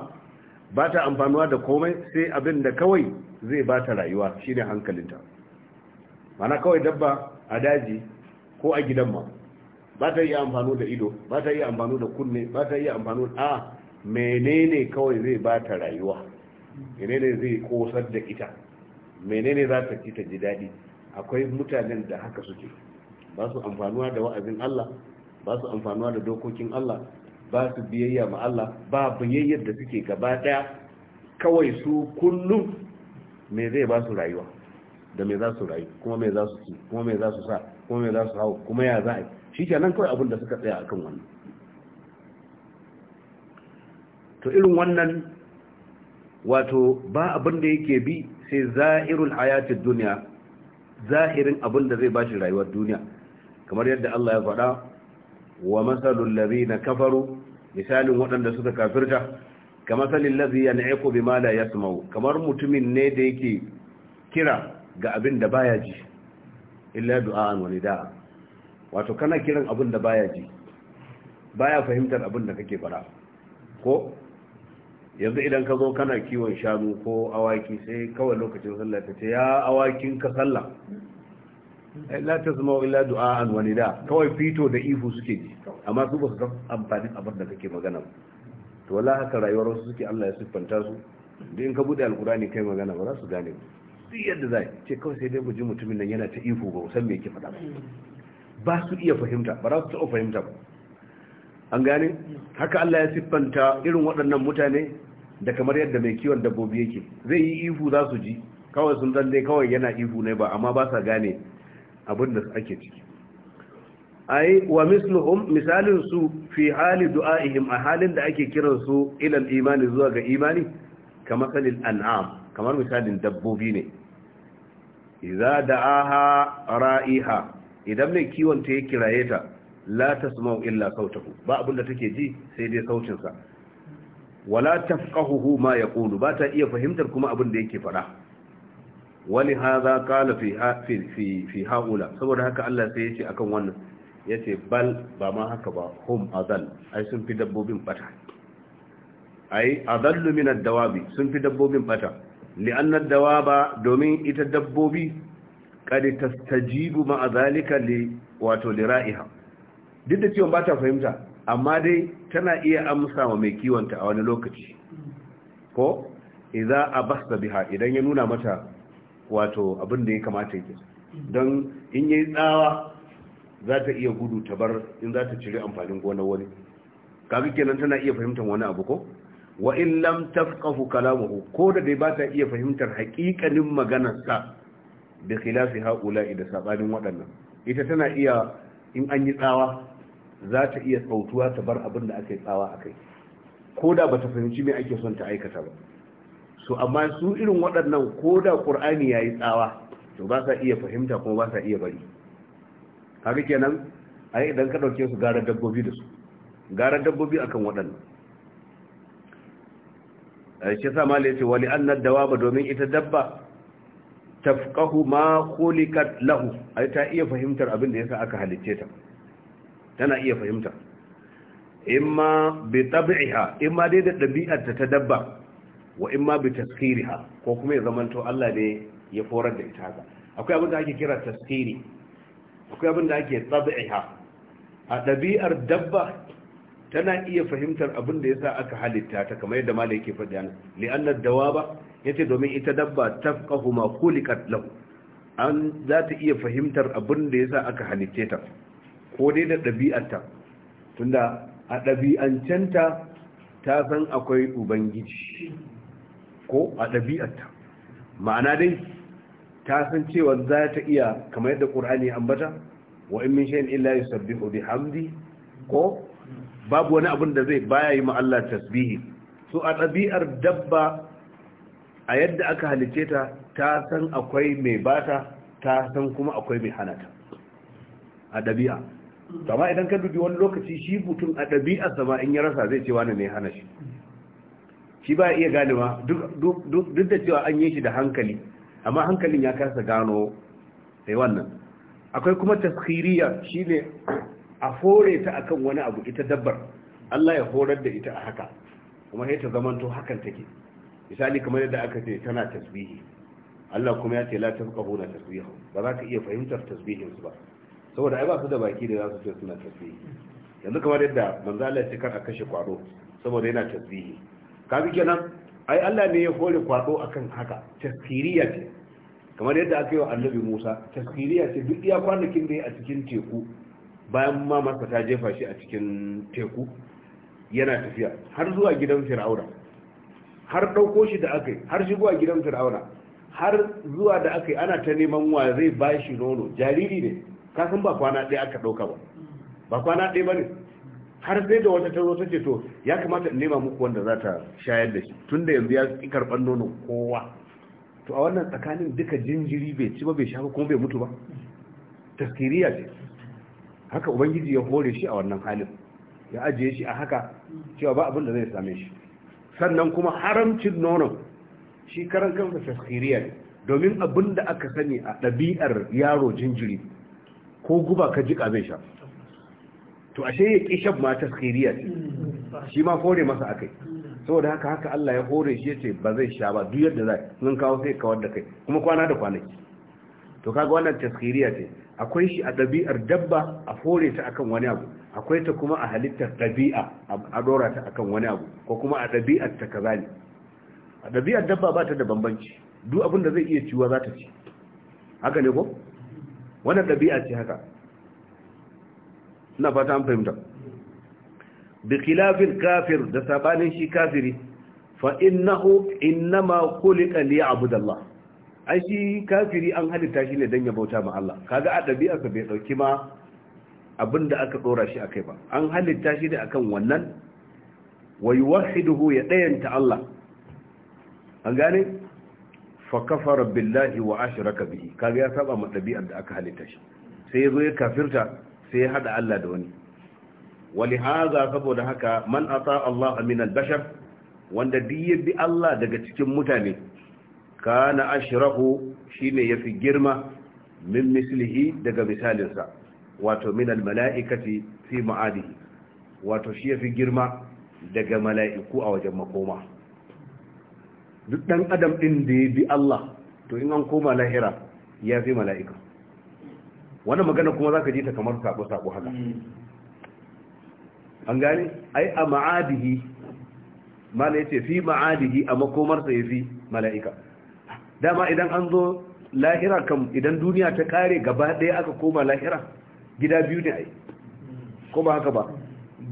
ba ta amfanuwa da komai sai abin da kawai zai ba ta rayuwa shine hankalinta mana kawai dabba a daji ko a gidan ma ba ta yi amfani da ido ba ta yi amfani da kunne ba ta yi amfani da a ah, menene kawai zai ba ta rayuwa menene zai kosar da ita menene za ta ci ta ji daɗi akwai mutanen da haka suke ba su amfanuwa da wa'azin Allah ba su amfanuwa da dokokin Allah ba su biyayya ma Allah ba biyayyar da suke gaba daya kawai su kullum me zai ba su rayuwa da me za su rayu kuma me za su ci kuma me za su sa kuma me za su hau kuma ya za a yi shi kenan kawai abin da suka tsaya akan wannan to irin wannan wato ba abin da yake bi sai zahirul hayatid duniya zahirin abin da zai bashi rayuwar duniya kamar yadda Allah ya faɗa wa masalul ladina kafaru misalin waɗanda suka kafirta kamar salin ladhi yan'iqu bima la yasma'u kamar mutumin ne da yake kira ga abin da baya ji illa du'an wa nida'a wato kana kiran abin da baya ji baya fahimtar abin da kake fara ko yanzu idan ka zo kana kiwon shanu ko awaki sai kawai lokacin sallah ta ce ya awakin ka sallah eh, la ta zama illa an wani da kawai fito da ihu suke ji amma su ba su san amfanin abin da kake magana to wala haka rayuwar su suke Allah ya siffanta su Idan in ka bude alkurani kai magana ba za su gane ba duk yadda zai ce kawai sai dai mu ji mutumin nan yana ta ihu ba san me yake faɗa ba su iya fahimta ba za su taɓa fahimta ba an gane haka Allah ya siffanta irin waɗannan mutane da kamar yadda mai kiwon dabbobi yake zai yi ihu za su ji kawai sun tsalle kawai yana ihu ne ba amma ba sa gane abin da ake ciki ai wa misluhum misalin su fi hali du'a'ihim a halin da ake kiran su ilal imani zuwa ga imani kamar salil an'am kamar misalin dabbobi ne idza da'aha ra'iha idan mai kiwon ta ya kiraye ta la tasma'u illa sautahu ba abin da take ji sai dai sautin wala tafqahuhu ma ƙunu. ba ta iya fahimtar kuma abin da yake faɗa wani haza kala fi haula saboda haka Allah sai ya ce akan wannan ya ce bal ba ma haka ba hum azal ai sun fi dabbobin bata ai azallu min dawabi sun fi dabbobin bata li'anna dawaba domin ita dabbobi kad tastajibu ma azalika li wato li ra'iha duk da cewa ba ta fahimta amma dai tana iya amsa wa mai kiwonta a wani lokaci ko idza abasta biha idan ya nuna mata wato abin da ya kamata yake don in yayi tsawa za ta iya gudu ta bar in za ta cire amfanin gona wani kaga kenan tana iya fahimtar wani abu ko wa in lam tafqahu kalamuhu ko da dai ba ta iya fahimtar haƙiƙanin maganarsa bi khilafi haula da sabanin waɗannan ita tana iya in an yi tsawa za ta iya tsautuwa ta bar abin da aka yi tsawa a kai ko da ba ta fahimci mai ake son ta aikata ba so amma su irin waɗannan ko da ƙur'ani ya yi tsawa to ba sa iya fahimta kuma ba sa iya bari haka kenan a idan ka ɗauke su gara dabbobi da su gara dabbobi akan waɗannan a shi sama da ya ce wali annar dawa ba domin ita dabba tafkahu ma khuliqat lahu ai ta iya fahimtar abin da ya sa aka halicce ta tana iya fahimta imma bi tabi'iha imma dai da ɗabi'arta ta dabba wa imma bi taskiriha ko kuma ya zamanto Allah ne ya forar da ita haka akwai abin da ake kira taskiri akwai abin da ake tabi'iha a ɗabi'ar dabba tana iya fahimtar abin da yasa aka halitta ta kamar yadda malai yake faɗi ana li'anna dawaba yace domin ita dabba tafqahu ma khuliqat lahu an za ta iya fahimtar abin da yasa aka halitta ta ko dai da ɗabi'arta tunda a ɗabi'ancenta ta san akwai ubangiji ko a ɗabi'arta ma'ana dai ta san cewa za ta iya kamar yadda ƙur'ani ambata wa in min shay'in illa yusabbihu bihamdi ko babu wani abin da zai baya yi ma Allah tasbihi so a ɗabi'ar dabba a yadda aka halice ta ta san akwai mai bata ta san kuma akwai mai hana ta a ɗabi'a amma idan ka dubi wani lokaci shi mutum a ɗabi'arsa ba in ya rasa zai ce wani ne hana shi shi ba iya gane duk da cewa an yi shi da hankali amma hankalin ya kasa gano sai wannan akwai kuma taskiriya shine a fore ta akan wani abu ita dabbar Allah ya horar da ita a haka kuma sai ta zamanto hakan take misali kamar yadda aka ce tana tasbihi Allah kuma ya ce la na tasbihu ba za ka iya fahimtar tasbihin ba saboda ai ba su da baki da za su ce suna tasbihi yanzu kamar yadda manzo Allah ya ce kar a kashe kwado saboda yana tasbihi bi kenan ai Allah ne ya hore kwado akan haka tasbiriya ce kamar yadda aka yi wa annabi Musa tasbiriya ce duk iya kwanakin da ya a cikin teku bayan ma masa ta jefa shi a cikin teku yana tafiya har zuwa gidan fir'auna har ɗauko shi da aka yi har shigowa gidan fir'auna har zuwa da aka yi ana ta neman wa zai ba shi nono jariri ne ka san ba kwana ɗaya aka ɗauka ba ba kwana ɗaya ba ne har sai da wata tazo ta ce to ya kamata in nema muku wanda za ta shayar da shi tun da yanzu ya ƙi karɓar nono kowa to a wannan tsakanin duka jinjiri bai ci ba bai sha ba kuma bai mutu ba taskiriya ce haka ubangiji ya hore shi a wannan halin ya ajiye shi a haka cewa ba abin da zai same shi sannan kuma haramcin nono shi karan kansa taskiriya ne domin abin da aka sani a ɗabi'ar yaro jinjiri ko guba ka jika bai sha to ashe ya ƙi shan ma taskiriya ce shi ma kore masa a kai. saboda haka haka Allah ya hore shi ce ba zai sha ba duk yadda zai mun kawo sai kawar da kai kuma kwana da kwanaki to kaga wannan taskiriya ce akwai shi a ɗabi'ar dabba a fore ta akan wani abu akwai ta kuma a halittar ɗabi'a a ɗora ta akan wani abu ko kuma a ɗabi'ar ta kaza ne a ɗabi'ar dabba ba ta da bambanci duk abin da zai iya ciwa za ta ci haka ne ko wannan ɗabi'a ce haka ina fata an fahimta bi khilafil kafir da sabanin shi kafiri fa innahu innama khuliqa li abudallah ai shi kafiri an halitta shi ne dan ya bauta ma Allah kaga a ka bai dauki ma abinda aka dora shi akai ba an halitta shi ne akan wannan wa yuwahhiduhu ya dayanta Allah an gane fa billahi wa ashiraka bihi kaga ya saba ma dabi'ar da aka halitta shi sai yazo ya kafirta sai ya hada Allah da wani haza saboda haka man ata Allah min al-bashar wanda duk bi Allah daga cikin mutane kana ashrahu shine yafi girma min mislihi daga misalinsa wato min al-mala'ikati fi ma'adihi wato shi yafi girma daga mala'iku a wajen makoma duk dan adam din da ya bi Allah to in an koma lahira ya fi mala'ika wannan magana kuma zaka ji ta kamar sako sako haka an gani ai a ma'adihi mala yace fi ma'adihi a makomarsa ya fi mala'ika dama idan an zo lahira kam idan duniya ta kare gaba ɗaya aka koma lahira gida biyu ne ai ko ba haka ba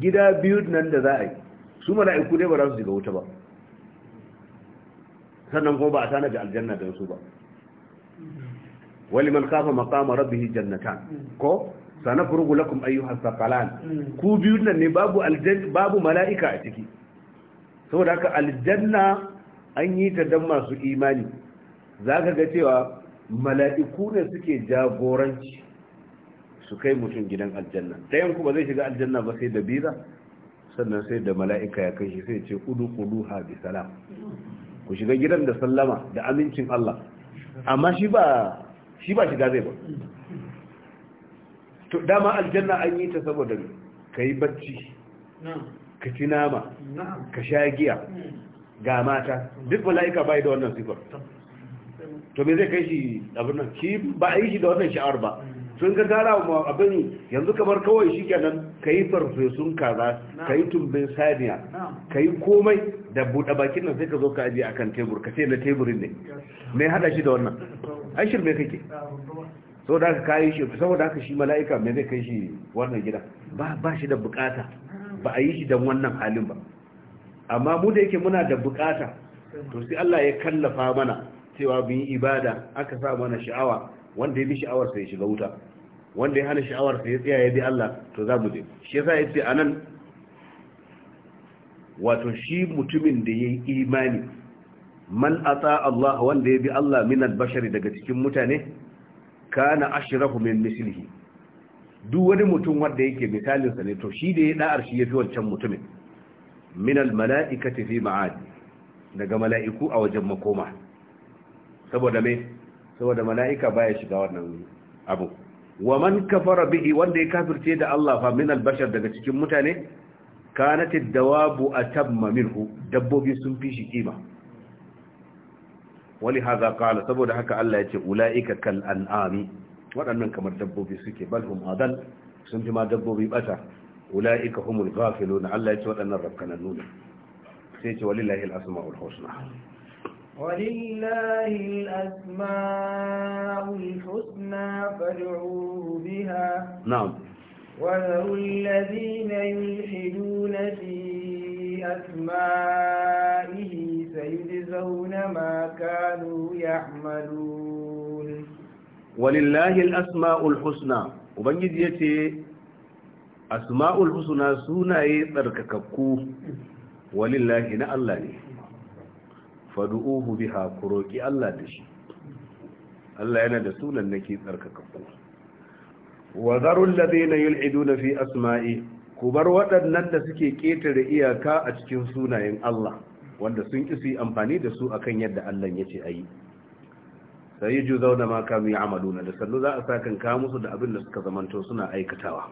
gida biyu nan da za a yi su mala'iku dai ba za su shiga wuta ba sannan kuma ba a tana aljanna don su ba wani man kafa maqama rabbihi jannatan ko sanafrugu lakum ayyuha thaqalan ku biyu nan ne babu aljanna babu malaika a ciki saboda haka aljanna an yi ta dan masu imani zaka ga cewa mala'iku ne suke jagoranci su kai mutum gidan aljanna ɗayan kuma zai shiga aljanna ba sai da biza sannan sai da mala'ika ya kai shi sai ce udu kudu ha bi salam ku shiga gidan da sallama da amincin Allah amma shi ba shi ba shiga zai ba to dama aljanna an yi ta saboda ka yi bacci ka ci nama ka sha giya ga mata duk mala'ika bai da wannan sifar to me zai kai shi abin nan shi ba a yi shi da wannan sha'ar ba sun ga gara abu abin yanzu kamar kawai shi kenan ka yi farfesun kaza ka yi tumbin saniya ka yi komai da buɗe bakin nan sai ka zo ka ajiye a kan tebur ka sai na teburin ne mai haɗa shi da wannan an shirme kake saboda da ka yi shi saboda haka shi mala'ika mai zai kai shi wannan gida ba shi da bukata ba a yi shi don wannan halin ba amma mu da yake muna da bukata to sai Allah ya kallafa mana cewa yi ibada aka sa mana sha'awa wanda ya bi sha'awar sai shiga wuta wanda ya hana sha'awar sa ya tsaya ya bi Allah to za mu je shi yasa yace anan wato shi mutumin da yayi imani man ata Allah wanda ya bi Allah min al-bashari daga cikin mutane kana ashrafu min mislihi duk wani mutum wanda yake misalin sa ne to shi da ya da'ar shi yafi wancan mutumin min al-mala'ikati fi ma'ad daga mala'iku a wajen makoma saboda me saboda mala'ika baya shiga wannan abu wa man kafara bihi wanda ya kafirce da Allah fa min albashar daga cikin mutane kanat ad-dawabu atamma minhu dabbobi sun fi shi kima wali hadha qala saboda haka Allah yace ulaika kal an'ami wadannan kamar dabbobi suke balhum adal sun fi ma dabbobi bata ulaika humul ghafilun Allah yace wadannan rabkananu sai yace walillahi al-asma'ul husna ولله الأسماء الحسنى فادعوه بها نعم وذروا الذين يلحدون في أسمائه سيجزون ما كانوا يعملون ولله الأسماء الحسنى وبنجد يتي أسماء الحسنى سنة تركككو ولله نألاني fadu'uhu biha ku roki Allah da shi Allah yana da sunan nake tsarkaka ku wa zarul ladina yul'iduna fi asma'i ku bar waɗannan da suke ƙetare iyaka a cikin sunayen Allah wanda sun ki amfani da su akan yadda Allah ya ce ayi sai yi juzau da ma kamu ya amaluna da sannu za a sa kan kawo musu da abin da suka zamanto suna aikatawa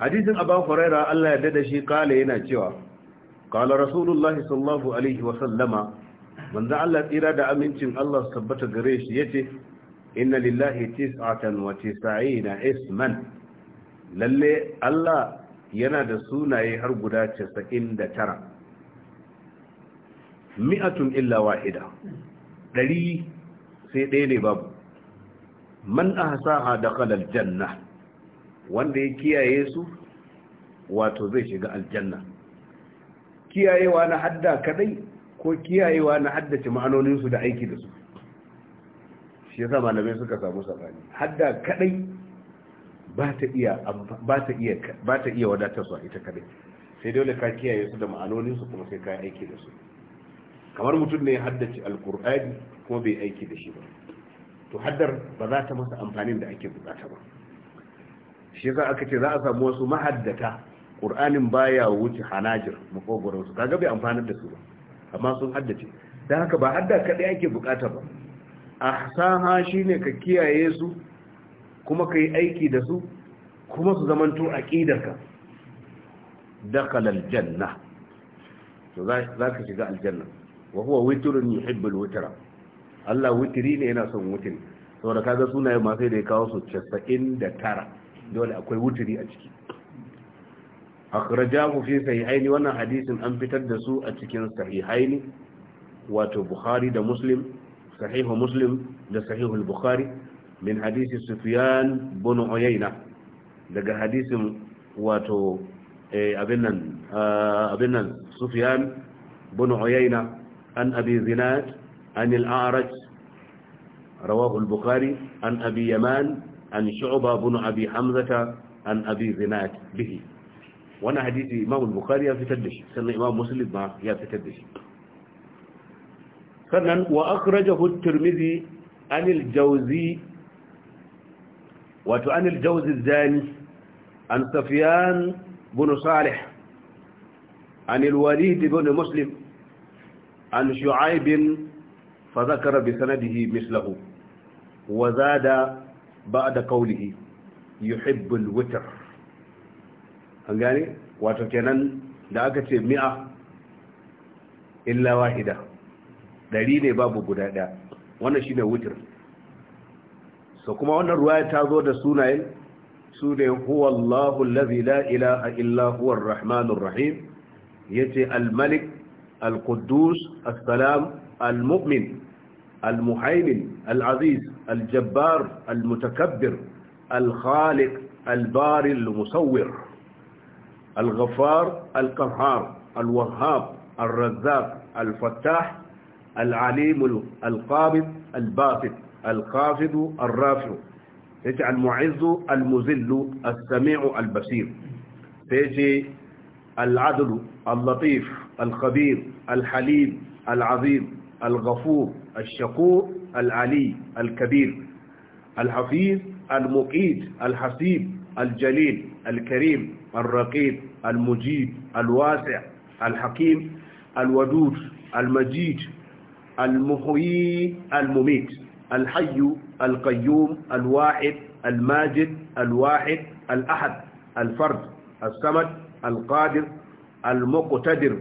hadisin abu Allah ya dada shi kala yana cewa qala rasulullahi sallallahu alaihi wa sallama manzo Allah tsira da amincin Allah tabbata gare shi yace inna lillahi tis'atan na tis'ina isman lalle Allah yana da sunaye har guda da 99 mi'atun illa wahida ɗari sai ɗaya ne babu man ahsaha dakhala aljanna wanda ya kiyaye su wato zai shiga aljanna kiyayewa na hadda kadai ko kiyayewa na haddace ma'anoninsu da aiki da su shi yasa malamai suka samu safani hadda kadai ba ta iya ba ta iya wadatar su ita kadai sai dole ka kiyaye su da ma'anoninsu kuma sai ka aiki da su kamar mutum ne ya haddace alkur'ani kuma bai aiki da shi ba to haddar ba za ta masa amfanin da ake bukata ba shi yasa aka ce za a samu wasu mahaddata ƙur'anin baya wuce hanajir makogoro su kaga bai amfanar da su ba amma sun haddace don haka ba hadda kaɗai ake bukata ba ahsaha shine ka kiyaye su kuma ka yi aiki da su kuma su zamanto aqidarka dakhala aljanna to za ka shiga aljanna wa huwa witrun yuhibbul witra Allah witri ne yana son wutiri saboda kaga sunaye ma sai da ya kawo su 99 dole akwai wutiri a ciki akhrajahu fi sahihaini wannan hadisin an fitar da su a cikin sahihaini wato bukhari da muslim sahihu muslim da sahihul bukhari min hadisi sufyan bin uyayna daga hadisin wato abin nan abin nan sufyan bin uyayna an abi zinad an al-a'raj rawahu al-bukhari an abi yaman an shu'ba bin abi hamzata an abi zinad bihi wannan hadisi imam bukhari ya fitar da shi sannan imam muslim ma ya fitar da shi sannan wa akhrajahu at-tirmidhi anil jawzi wato anil jawzi zani an safyan bin salih anil walid bin muslim an shu'aib fa dhakara bi sanadihi mislahu wa zada ba'da qawlihi yuhibbu al-witr an gane wato kenan da aka ce mi'a illa wahida dari ne babu guda daya wannan shine witr so kuma wannan ruwaya ta zo da sunayen su ne huwallahu allazi la ilaha illa huwar rahmanur rahim yace al-malik al-quddus as-salam al-mu'min al muhaimin al-aziz al-jabbar al-mutakabbir al-khaliq al-bari al-musawwir الغفار القهار الوهاب الرزاق الفتاح العليم القابض الباطل الخافض الرافع يجي المعز المذل السميع البصير يجي العدل اللطيف الخبير الحليم العظيم الغفور الشكور العلي الكبير الحفيظ المقيت الحسيب الجليل الكريم الرقيب المجيب الواسع الحكيم الودود المجيد المحيي المميت الحي القيوم الواحد الماجد الواحد الأحد الفرد الصمد القادر المقتدر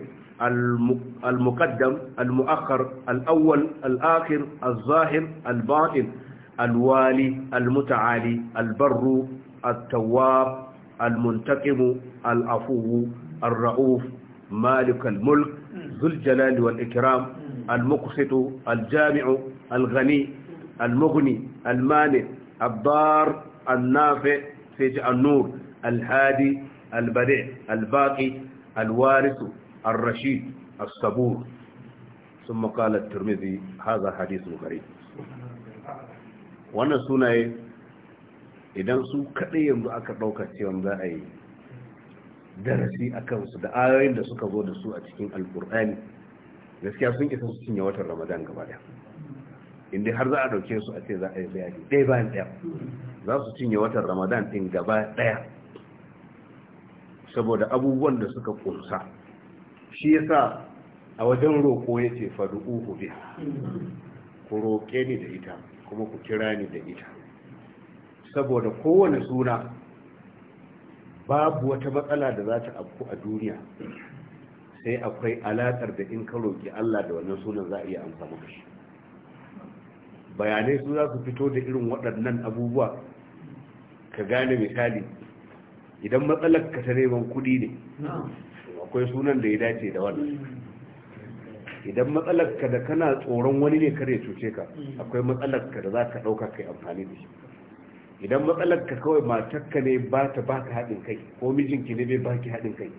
المقدم المؤخر الأول الآخر الظاهر الباطن الوالي المتعالي البر التواب al-muntaqimu al-afuwu ar-ra'uf مالك الملك ذو الجلال والإكرام المقسط الجامع الغني المغني المانع الضار النافع فجع النور الهادي البديع الباقي الوارث الرشيد الصبور ثم قال الترمذي هذا حديث غريب وانا سنه idan su kaɗai yanzu aka ɗauka cewa za a yi darasi a kansu da ayoyin da suka zo da su a cikin Alƙur'ani, gaskiya sun isa su cinye watan ramadan gaba da inda har za a ɗauke su a ce za a yi bayani ɗaya bayan ɗaya za su cinye watan ramadan ɗin gaba ɗaya saboda abubuwan da suka ƙunsa shi ya sa a wajen roƙo ya ce uku biya ku roƙe ni da ita kuma ku kira ni da ita saboda kowane suna babu wata matsala da za ta abu a duniya sai akwai alaƙar da in ka roƙi Allah da wannan sunan za a iya amsa shi bayanai su za su fito da irin waɗannan abubuwa ka gane misali idan matsalar ka ta neman kuɗi ne akwai sunan da ya dace da wannan idan matsalar ka da kana tsoron wani ne kare cuce ka akwai matsalar ka da za ka ɗauka kai amfani da shi idan matsalar ka kawai matakka ne ba ta baka haɗin kai ko mijinki ne bai baki haɗin kai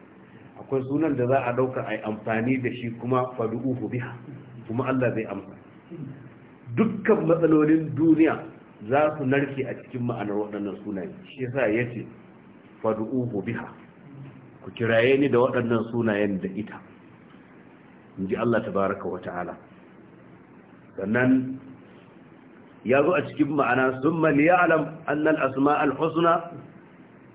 akwai sunan da za a ɗauka a yi amfani da shi kuma uku biya kuma Allah zai amsa dukkan matsalolin duniya za su narke a cikin ma'anar waɗannan sunaye shi yasa faɗi uku biha ku kiraye ni da waɗannan sunayen da ita in ji Allah tabaraka wa ta'ala sannan ya zo a cikin ma'ana sun maliya alam annal asma al-husna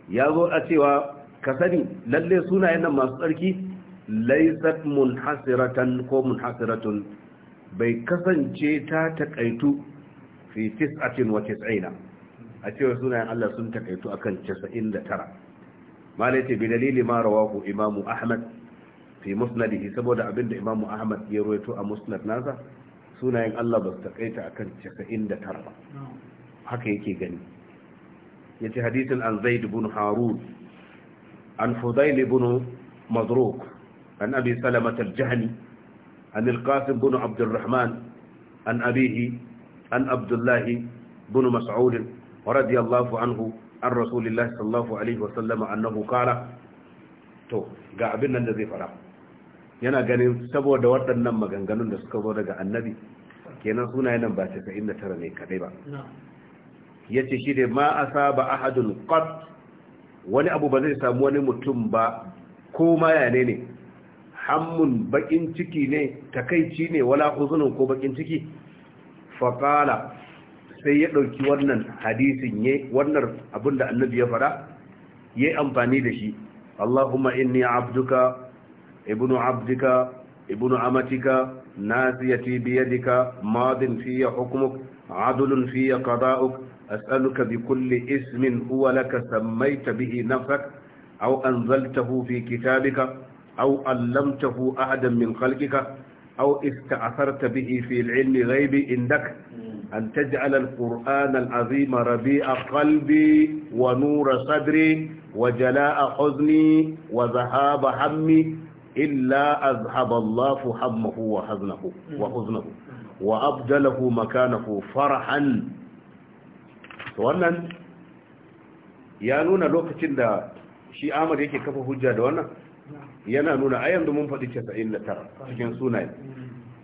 ya zo a cewa ka sani lalle sunayen nan masu tsarki laisat munhasiratan ko munhasiratun bai kasance ta takaitu fi tis'atin wa tis'ina a cewa sunayen Allah sun takaitu akan 99 malaiti bi dalili ma rawahu imamu ahmad fi musnadihi saboda abinda imamu ahmad ya ruwaito a musnad nasa sunayen Allah ba su takaita akan 99 ba haka yake gani ya yace hadithin an zaid ibn harun an fudayl ibn madruk an abi salamah al an al-qasim abdulrahman an abihi an abdullah ibn mas'ud radiyallahu anhu an rasulillah sallallahu alaihi wasallam annahu qala to ga abin nan da zai fara yana ganin saboda waɗannan maganganun da suka zo daga annabi kenan suna nan ba tara ne kadai ba Ya ce shi ne ma a ahadun qat wani abu ba zai samu wani mutum ba ko ma yane ne hammun bakin ciki ne takaici ne wala huzunun ko bakin ciki faƙala sai ya ɗauki wannan hadisin ya wannan abin da annabi ya fara yayi amfani da shi Allahumma inni abduka ابن عبدك ابن عمتك نازيتي بيدك ماض في حكمك عدل في قضاؤك أسألك بكل اسم هو لك سميت به نفسك أو أنزلته في كتابك أو علمته أحدا من خلقك أو استأثرت به في العلم غيبي عندك أن تجعل القرآن العظيم ربيع قلبي ونور صدري وجلاء حزني وذهاب همي illa azhaballahu hammahu wa haznahu wa huznahu wa abdalahu makanahu wannan ya nuna lokacin da shi Ahmad yake kafa hujja da wannan yana nuna a yanzu mun faɗi 99 cikin sunaye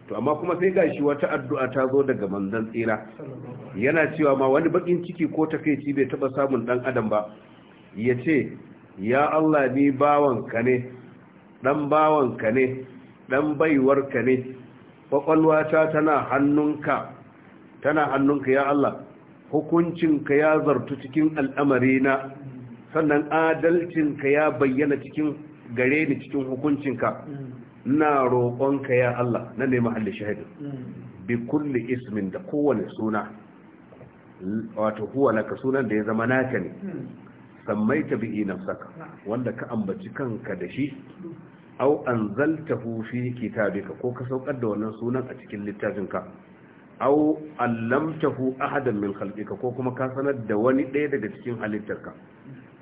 to amma kuma sai ga shi wata addu'a ta zo daga manzon tsira yana cewa ma wani bakin ciki ko takeici bai taba samun dan adam ba yace ya Allah ni bawanka ne ɗan bawanka ne ɗan baiwarka ne ƙwaƙwalwata tana hannunka tana hannunka ya Allah hukuncinka ya zartu cikin al'amarina sannan adalcinka ya bayyana cikin gare ni cikin hukuncinka na roƙonka ya Allah na nemi halin shahidin bi kulli ismin da kowane suna wato huwa naka sunan da ya zama naka ne sammaita bihi saka wanda ka ambaci kanka da shi au anzaltahu fi ka ko ka saukar da wannan sunan a cikin littafinka au allamtahu ahadan min khalqika ko kuma ka sanar da wani ɗaya daga cikin halittarka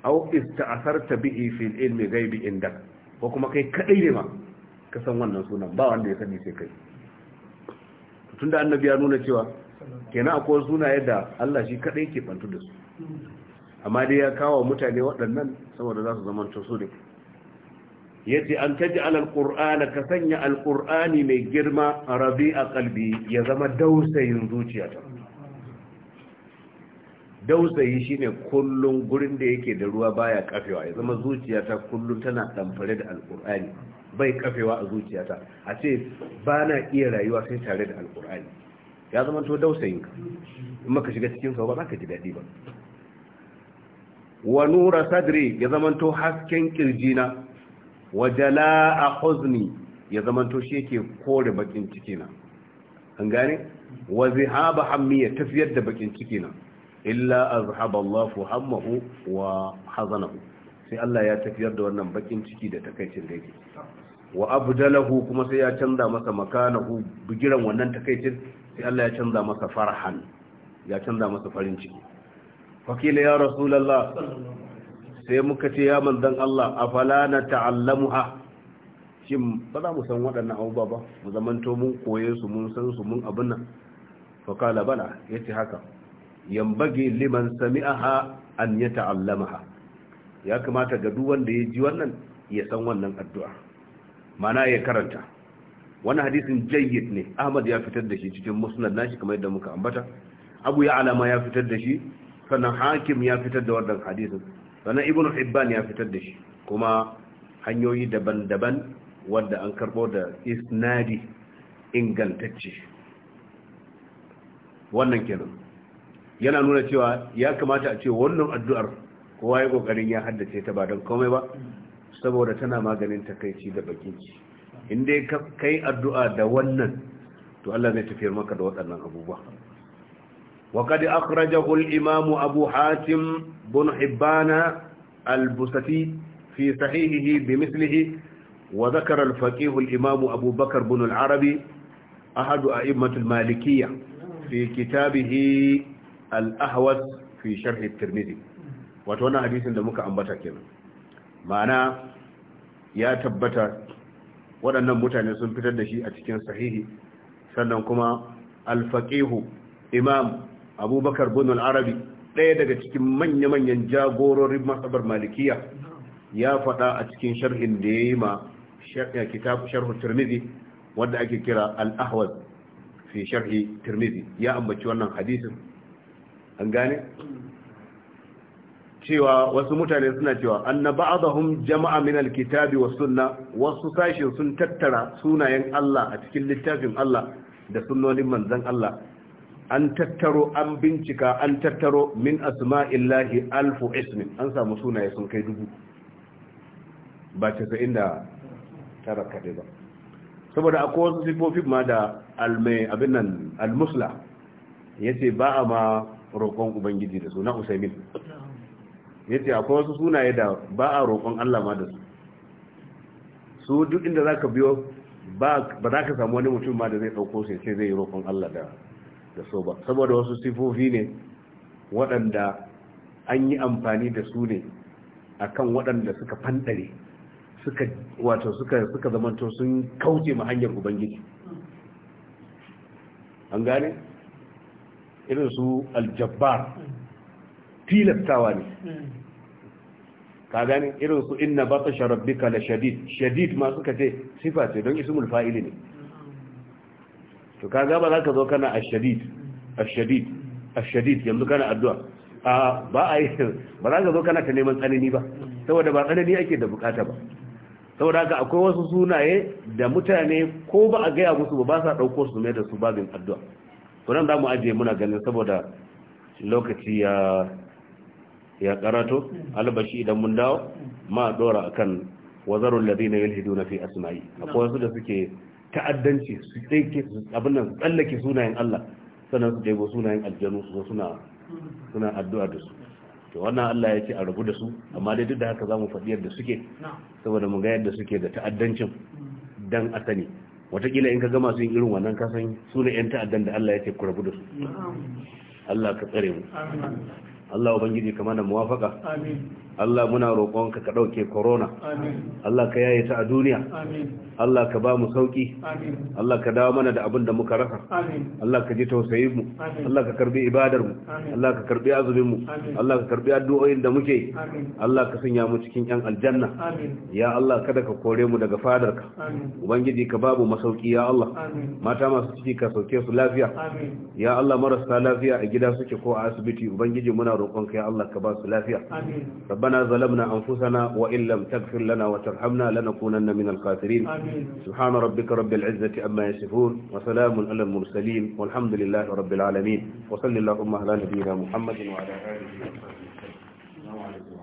au ista'asarta bihi fil ilmi ghaibi indak ko kuma kai kadai ne ma ka san wannan sunan ba wanda ya sani sai kai tunda annabi ya nuna cewa kenan akwai sunaye da Allah shi kadai ke bantu da su amma dai ya kawo mutane waɗannan saboda za su zama su ne ya ce an taji al'ƙur'ana, ka sanya al'ur'ani mai girma a rabi a kalbi ya zama dausayin zuciyata dausayi shi ne kullum gurin da yake da ruwa baya kafewa ya zama zuciyata kullum tana ɗanfare da al'ur'ani bai kafewa a zuciyata a ce ba na iya rayuwa sai tare da al'ur'ani ya zama to dausayinka in maka shiga cikin ba za ka ji daɗi ba wa nura sadri ya zamanto hasken kirjina wa jala'a huzni ya zamanto shi yake kore bakin cikina an gane wa zihaba hammi ya tafiyar da bakin cikina illa azhaba Allahu hammahu wa hazanahu sai Allah ya tafiyar da wannan bakin ciki da takaicin da yake wa abdalahu kuma sai ya canza masa makanahu bigiran wannan takaicin sai Allah ya canza masa farhan ya canza masa farin ciki fakila ya rasulallah sai muka ce ya manzan Allah a falana ta'allamuha shin ba za mu san waɗannan abubuwa ba mu zamanto mun koye su mun san su mun abin nan fakala bala ya ce haka yambage liman sami'aha an ya ta'allamaha ya kamata ga duk wanda ya ji wannan ya san wannan addu'a mana ya karanta wani hadisin jayyid ne ahmad ya fitar da shi cikin musnad nashi kamar yadda muka ambata abu ya alama ya fitar da shi sannan hakim ya fitar da wannan hadisin sannan ibnu hibban ya fitar da shi kuma hanyoyi daban-daban wanda an karbo da isnadi ingantacce wannan kenan yana nuna cewa ya kamata a ce wannan addu'ar kowa ya kokarin ya haddace ta ba don komai ba saboda tana maganin takaici da bakinci inda ka kai addu'a da wannan to Allah zai tafiyar maka da waɗannan abubuwa وقد أخرجه الإمام أبو حاتم بن حبان البستي في صحيحه بمثله وذكر الفقيه الإمام أبو بكر بن العربي أحد أئمة المالكية في كتابه الأهوس في شرح الترمذي وتوانا حديث لمك أنبتا كنا معنى يا تبتا waɗannan mutane sun fitar da shi a cikin sahihi sannan kuma alfaƙihu imam abubakar bin al-arabi ɗaya daga cikin manya-manyan jagororin masabar malikiya ya faɗa a cikin sharhin da ya yi ma eh, kitabu sharhu tirmidhi wanda ake kira al-ahwaz fi sharhi tirmidhi ya ambaci wannan hadisin an gane cewa wasu mutane suna cewa anna ba'dahum jama'a min al-kitabi was sunna wasu sashin sun tattara sunayen Allah a cikin littafin Allah da sunnonin manzan Allah an tattaro an bincika an tattaro min asma'illahi alfu ismin an samu sunaye sun kai dubu ba casa'in da tara kaɗe ba saboda akwai wasu sifofi ma da almai abin nan almusla ya ce ba a ma roƙon ubangiji da su na usaimin ya ce akwai wasu sunaye da ba a roƙon allah ma da su su duk inda za ka biyo ba za ka samu wani mutum ma da zai ɗauko sai sai zai yi roƙon allah da da ba saboda wasu sifofi ne waɗanda an yi amfani da su ne kan waɗanda suka fanɗare wato suka zamanto sun kauce ma hanyar ubangiji an gane irin su aljabbar tilastawa ne ka gane irin su inna su sharabbi kala shadid shadid ma suka ce sifa ce don ismul mulfa'ili ne to kaga ba za ka zo kana ashadid ashadid ashadid yanzu kana addu'a a ba a yi ba za ka zo kana ta neman tsanani ba saboda ba tsanani ake da bukata ba saboda haka akwai wasu sunaye da mutane ko ba a gaya musu ba ba sa ɗauko su mai da su babin addu'a to nan za mu ajiye muna ganin saboda lokaci ya ya karato albashi idan mun dawo ma dora akan wazarul ladina yalhiduna fi asma'i akwai wasu da suke ta'addanci su tsaike abin nan tsallake sunayen Allah sannan su ɗebo sunayen aljanu su suna suna addu'a da su to wannan Allah ya ce a rabu da su amma dai duk da haka zamu mu faɗi yadda suke saboda mu ga yadda suke da ta'addancin dan a sani watakila in ka gama su yin irin wannan kasan su ne 'yan ta'addan da Allah ya ce ku rabu da su Allah ka tsare mu Allah ubangiji kamar da muwafaka amin Allah muna roƙonka ka ɗauke corona Allah ka yaye ta a duniya Allah ka ba mu sauƙi Allah ka dawo mana da abin da muka rasa Allah ka ji tausayin mu Allah ka karbi ibadar mu Allah ka karbi azumin mu Allah ka karbi addu'o'in da muke Allah ka sanya mu cikin yan aljanna ya Allah kada ka kore mu daga fadarka ubangiji ka babu masauki ya Allah mata masu ciki ka sauke su lafiya ya Allah marasa lafiya a gida suke ko a asibiti ubangiji muna roƙonka ya Allah ka ba su lafiya ربنا ظلمنا أنفسنا وإن لم تغفر لنا وترحمنا لنكونن من الخاسرين سبحان ربك رب العزة أما يصفون وسلام على المرسلين والحمد لله رب العالمين وصل اللهم على نبينا محمد وعلى آله وصحبه وسلم